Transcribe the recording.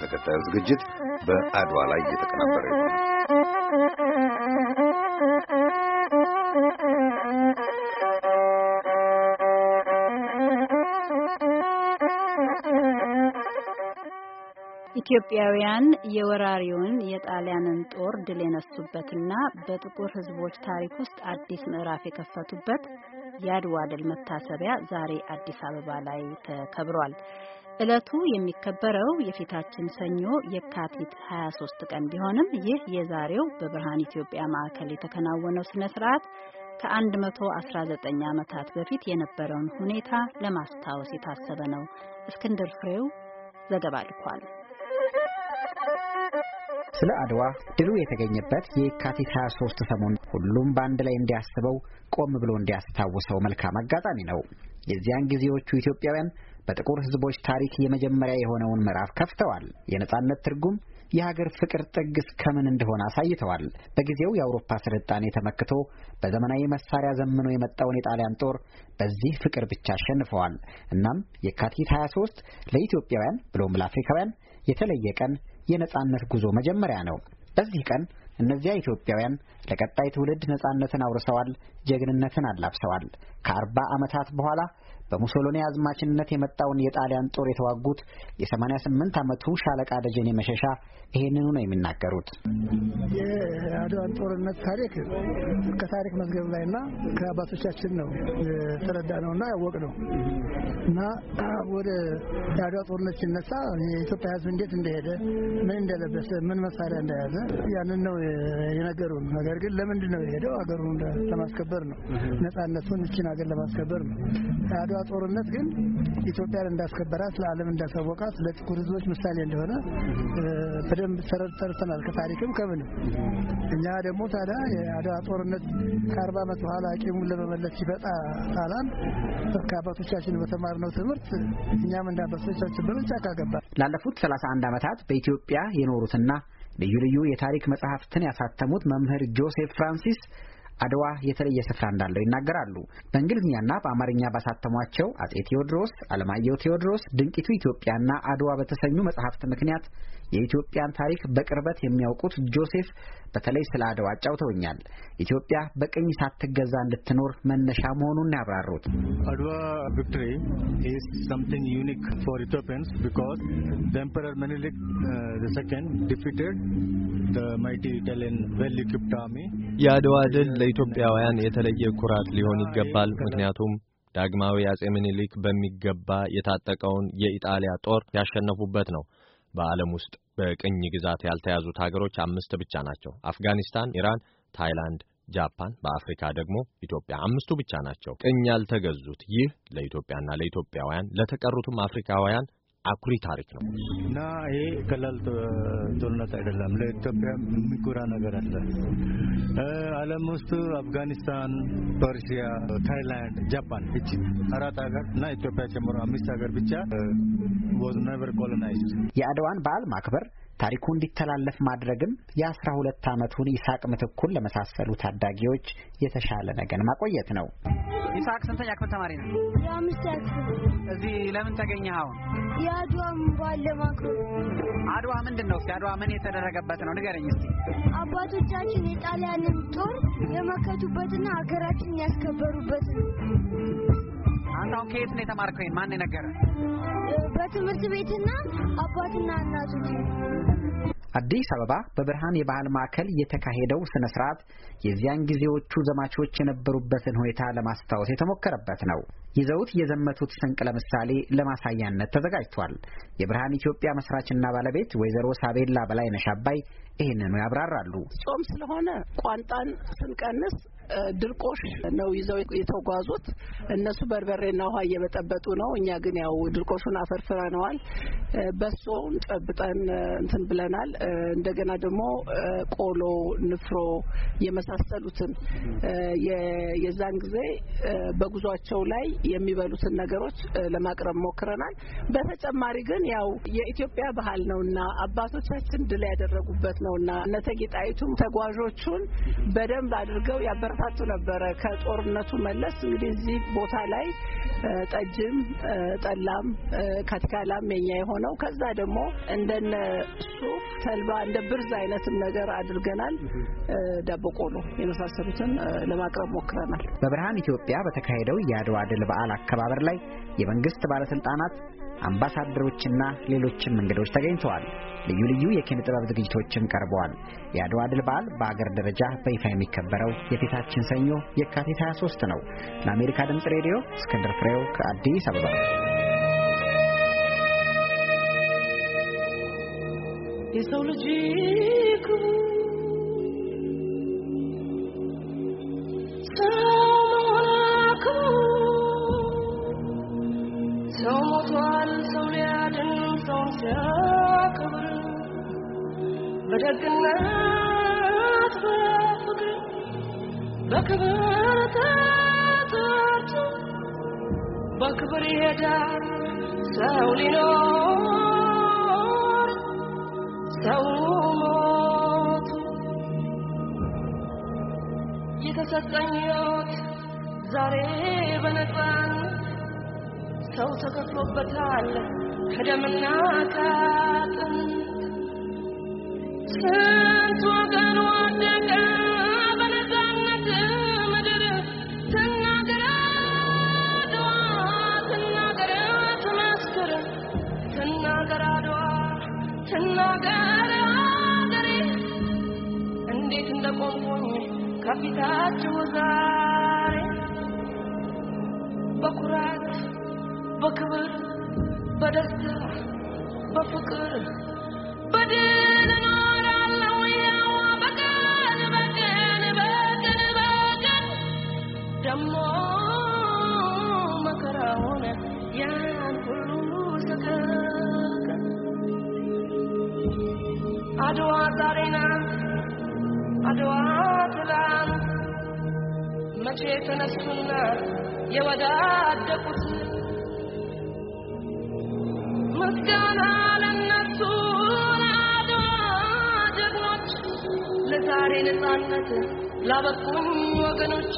ተከታዩ ዝግጅት በአድዋ ላይ እየተቀናበረ ኢትዮጵያውያን የወራሪውን የጣሊያንን ጦር ድል የነሱበትና በጥቁር ሕዝቦች ታሪክ ውስጥ አዲስ ምዕራፍ የከፈቱበት የአድዋ ድል መታሰቢያ ዛሬ አዲስ አበባ ላይ ተከብሯል። እለቱ የሚከበረው የፊታችን ሰኞ የካቲት 23 ቀን ቢሆንም ይህ የዛሬው በብርሃን ኢትዮጵያ ማዕከል የተከናወነው ስነ ስርዓት ከ119 ዓመታት በፊት የነበረውን ሁኔታ ለማስታወስ የታሰበ ነው። እስክንድር ፍሬው ዘገባ ልኳል። ስለ አድዋ ድሉ የተገኘበት የካቲት 23 ሰሞን ሁሉም በአንድ ላይ እንዲያስበው ቆም ብሎ እንዲያስታውሰው መልካም አጋጣሚ ነው። የዚያን ጊዜዎቹ ኢትዮጵያውያን በጥቁር ሕዝቦች ታሪክ የመጀመሪያ የሆነውን ምዕራፍ ከፍተዋል። የነጻነት ትርጉም የሀገር ፍቅር ጥግ እስከምን እንደሆነ አሳይተዋል። በጊዜው የአውሮፓ ስልጣኔ ተመክቶ በዘመናዊ መሳሪያ ዘምኖ የመጣውን የጣሊያን ጦር በዚህ ፍቅር ብቻ አሸንፈዋል። እናም የካቲት 23 ለኢትዮጵያውያን ብሎም ለአፍሪካውያን የተለየ ቀን የነጻነት ጉዞ መጀመሪያ ነው። በዚህ ቀን እነዚያ ኢትዮጵያውያን ለቀጣይ ትውልድ ነጻነትን አውርሰዋል፣ ጀግንነትን አላብሰዋል። ከአርባ ዓመታት በኋላ በሙሶሎኒ አዝማችነት የመጣውን የጣሊያን ጦር የተዋጉት የ88 ዓመቱ ሻለቃ ደጀኔ መሸሻ ይህንኑ ነው የሚናገሩት። የአድዋን ጦርነት ታሪክ ከታሪክ መዝገብ ላይና ከአባቶቻችን ነው የተረዳ ነው እና ያወቅ ነው እና ወደ የአድዋ ጦርነት ሲነሳ የኢትዮጵያ ሕዝብ እንዴት እንደሄደ ምን እንደለበሰ ምን መሳሪያ እንደያዘ ያንን ነው የነገሩን። ነገር ግን ለምንድን ነው የሄደው? ሀገሩን ለማስከበር ነው፣ ነጻነቱን እችን ሀገር ለማስከበር ነው። የአድዋ ጦርነት ግን ኢትዮጵያን እንዳስከበራት ለዓለም እንዳሳወቃት ለጥቁር ሕዝቦች ምሳሌ እንደሆነ በደንብ ተረድተናል ከታሪክም ከምንም። እኛ ደግሞ ታዲያ የአድዋ ጦርነት ከአርባ ዓመት በኋላ አቂሙን ለመመለስ ሲበጣ ጣላን። ከአባቶቻችን በተማርነው ትምህርት እኛም እንዳባቶቻችን አባቶቻችን በመጫካ ላለፉት ሰላሳ አንድ ዓመታት በኢትዮጵያ የኖሩትና ልዩ ልዩ የታሪክ መጽሐፍትን ያሳተሙት መምህር ጆሴፍ ፍራንሲስ አድዋ የተለየ ስፍራ እንዳለው ይናገራሉ። በእንግሊዝኛና በአማርኛ ባሳተሟቸው አጼ ቴዎድሮስ፣ አለማየሁ ቴዎድሮስ፣ ድንቂቱ ኢትዮጵያና አድዋ በተሰኙ መጽሐፍት ምክንያት የኢትዮጵያን ታሪክ በቅርበት የሚያውቁት ጆሴፍ በተለይ ስለ አድዋ አጫውተውኛል። ኢትዮጵያ በቅኝ ሳትገዛ እንድትኖር መነሻ መሆኑን ያብራሩት አድዋ ቪክቶሪ ኢዝ ሰምቲንግ ዩኒክ ፎር ኢትዮጵያንስ ቢኮዝ ኤምፐረር ምኒልክ ዘ ሰከንድ ዲፊትድ ዘ ማይቲ ኢታሊያን ዌል አርሚ። የአድዋ ድል ለኢትዮጵያውያን የተለየ ኩራት ሊሆን ይገባል። ምክንያቱም ዳግማዊ አጼ ምኒልክ በሚገባ የታጠቀውን የኢጣሊያ ጦር ያሸነፉበት ነው። በዓለም ውስጥ በቅኝ ግዛት ያልተያዙት ሀገሮች አምስት ብቻ ናቸው። አፍጋኒስታን፣ ኢራን፣ ታይላንድ፣ ጃፓን። በአፍሪካ ደግሞ ኢትዮጵያ። አምስቱ ብቻ ናቸው ቅኝ ያልተገዙት። ይህ ለኢትዮጵያና ለኢትዮጵያውያን ለተቀሩትም አፍሪካውያን አኩሪ ታሪክ ነው እና ይሄ ቀላል ጦርነት አይደለም። ለኢትዮጵያ የሚጎራ ነገር አለ። ዓለም ውስጥ አፍጋኒስታን፣ ፐርሺያ፣ ታይላንድ፣ ጃፓን እቺ አራት ሀገር እና ኢትዮጵያ ጨምሮ አምስት ሀገር ብቻ ወዝ ነቨር ኮሎናይዝ የአድዋን በዓል ማክበር ታሪኩ እንዲተላለፍ ማድረግም የአስራ ሁለት ዓመቱን ይስሐቅ ምትኩን ለመሳሰሉ ታዳጊዎች የተሻለ ነገን ማቆየት ነው። ይስሐቅ ስንተኛ ክፍል ተማሪ ነው? የአምስት ክፍል። እዚህ ለምን ተገኘህ? አሁን የአድዋ በዓል ለማክበር። አድዋ ምንድን ነው? እስኪ አድዋ ምን የተደረገበት ነው ንገረኝ እስኪ። አባቶቻችን የጣሊያንን ጦር የመከቱበትና ሀገራችን ያስከበሩበት ነው። አንተ አሁን ከየት ነው የተማርከው? ይሄን ማን የነገረ? በትምህርት ቤትና አባትና እናቱ። አዲስ አበባ በብርሃን የባህል ማዕከል የተካሄደው ስነ ስርዓት የዚያን ጊዜዎቹ ዘማቾች የነበሩበትን ሁኔታ ለማስታወስ የተሞከረበት ነው። ይዘውት የዘመቱት ስንቅ ለምሳሌ ለማሳያነት ተዘጋጅቷል። የብርሃን ኢትዮጵያ መስራችና ባለቤት ወይዘሮ ሳቤላ በላይነሽ አባይ ይህንኑ ያብራራሉ። ጾም ስለሆነ ቋንጣን ስንቀንስ ድርቆሽ ነው ይዘው የተጓዙት። እነሱ በርበሬና ውሃ እየበጠበጡ ነው። እኛ ግን ያው ድርቆሹን አፈርፍረነዋል። በሶውን ጨብጠን እንትን ብለናል። እንደገና ደግሞ ቆሎ፣ ንፍሮ የመሳሰሉትን የዛን ጊዜ በጉዟቸው ላይ የሚበሉትን ነገሮች ለማቅረብ ሞክረናል። በተጨማሪ ግን ያው የኢትዮጵያ ባህል ነውና አባቶቻችን ድል ያደረጉበት ነውና እቴጌ ጣይቱም ተጓዦቹን በደንብ አድርገው ያበረታቱ ነበረ። ከጦርነቱ መለስ እንግዲህ እዚህ ቦታ ላይ ጠጅም፣ ጠላም፣ ካቲካላም የኛ የሆነው ከዛ ደግሞ እንደነ ሱፍ፣ ተልባ እንደ ብርዝ አይነትም ነገር አድርገናል። ዳቦቆሎ የመሳሰሉትን ለማቅረብ ሞክረናል። በብርሃን ኢትዮጵያ በተካሄደው የአድዋ ድል በዓል አከባበር ላይ የመንግስት ባለስልጣናት፣ አምባሳደሮችና ሌሎችም እንግዶች ተገኝተዋል። ልዩ ልዩ የኪነ ጥበብ ዝግጅቶችም ቀርበዋል። የአድዋ ድል በዓል በአገር ደረጃ በይፋ የሚከበረው የፊታችን ሰኞ የካቲት 23 ነው። ለአሜሪካ ድምፅ ሬዲዮ እስክንድር ፍሬው ከአዲስ አበባ። የሰው ልጅ ተገድሏል ሰው ሊያድን ሰውን ሲያከብር በደግነት በፍቅር በክብር ተጠርቶ በክብር ይሄዳል ሰው ሊኖር ሰው ሞቱ የተሰጠኝ ሕይወት ዛሬ በነፃነት ሰው ተከፍሎበታል ከደምና ካጥንት ስንት ወገን ዛሬ አድዋ ትላንት። መቼ ተነሱና የወዳደቁት ምስጋና ለነሱ ለአድዋ ጀግኖች፣ ለዛሬ ነፃነት ላበቁኝ ወገኖች